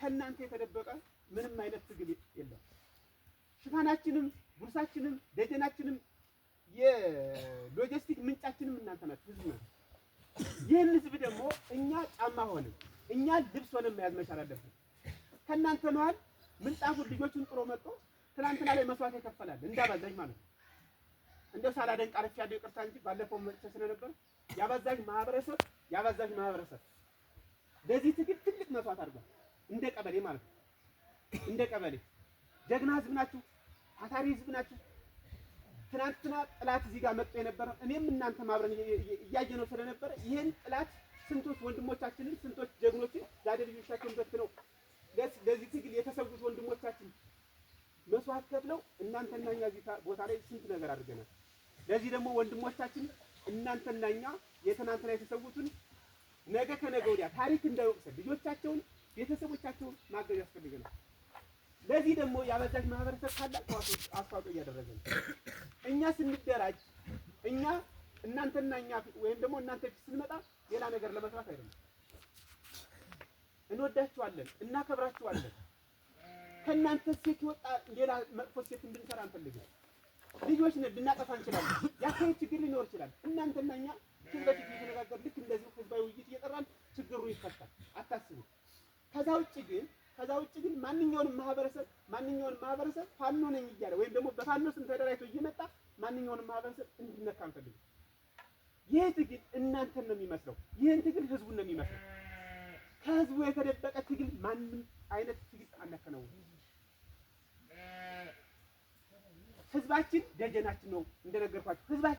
ከእናንተ የተደበቀ ምንም አይነት ትግል የለም። ሽፋናችንም፣ ጉርሳችንም፣ ደጀናችንም የሎጂስቲክ ምንጫችንም እናንተ ናችሁ፣ ህዝብ ናችሁ። ይህን ህዝብ ደግሞ እኛ ጫማ ሆንም እኛ ልብስ ሆነን መያዝ መቻል አለብን። ከእናንተ መሀል ምንጣፉን ልጆቹን ጥሮ መጥቶ ትናንትና ላይ መስዋዕት ይከፈላል እንዳባዛኝ ማለት ነው። እንደው ሳላደንቅ አለፍ ያለው ይቅርታ እንጂ ባለፈው መጥቼ ስለነበር ያባዛኝ ማህበረሰብ ያባዛኝ ማህበረሰብ ለዚህ ትግል ትልቅ መስዋዕት አድርጓል። እንደ ቀበሌ ማለት ነው። እንደ ቀበሌ ጀግና ህዝብ ናችሁ፣ ታታሪ ህዝብ ናችሁ። ትናንትና ጥላት እዚህ ጋር መጥቶ የነበረ እኔም እናንተ ማብረን ነው ስለነበረ ይህን ጥላት ስንቶች ወንድሞቻችንን ስንቶች ጀግኖችን ዛሬ ልጆቻቸውን በትነው ለዚህ ትግል የተሰዉት ወንድሞቻችን መስዋዕት ከፍለው እናንተና እኛ እዚህ ቦታ ላይ ስንት ነገር አድርገናል። ለዚህ ደግሞ ወንድሞቻችን እናንተና እኛ የትናንትና የተሰዉትን ነገ ከነገ ወዲያ ታሪክ እንዳይወቅሰን ልጆቻቸውን ቤተሰቦቻቸውን ማገዝ ያስፈልገናል። ለዚህ ደግሞ የአበዳጅ ማህበረሰብ ታላቅ አስተዋጽኦ እያደረገ ነው። እኛ ስንደራጅ እኛ እናንተና እኛ ወይም ደግሞ እናንተ ፊት ስንመጣ ሌላ ነገር ለመስራት አይደለም። እንወዳችኋለን፣ እናከብራችኋለን። ከእናንተ ሴት ወጣ ሌላ መጥፎ ሴት እንድንሰራ አንፈልግም። ልጆች ነን፣ ልናጠፋ እንችላለን። የአካባቢ ችግር ሊኖር ይችላል። እናንተና እኛ ፊት ለፊት ከዛ ውጭ ግን ከዛ ውጭ ግን ማንኛውንም ማህበረሰብ ማንኛውንም ማህበረሰብ ፋኖ ነኝ እያለ ወይም ደግሞ በፋኖ ስም ተደራጅቶ እየመጣ ማንኛውንም ማህበረሰብ እንዲነካ አንፈልግም። ይህ ትግል እናንተን ነው የሚመስለው። ይህን ትግል ህዝቡን ነው የሚመስለው። ከህዝቡ የተደበቀ ትግል ማንም አይነት ትግል አናከናውንም። ህዝባችን ደጀናችን ነው እንደነገርኳችሁ ህዝባችን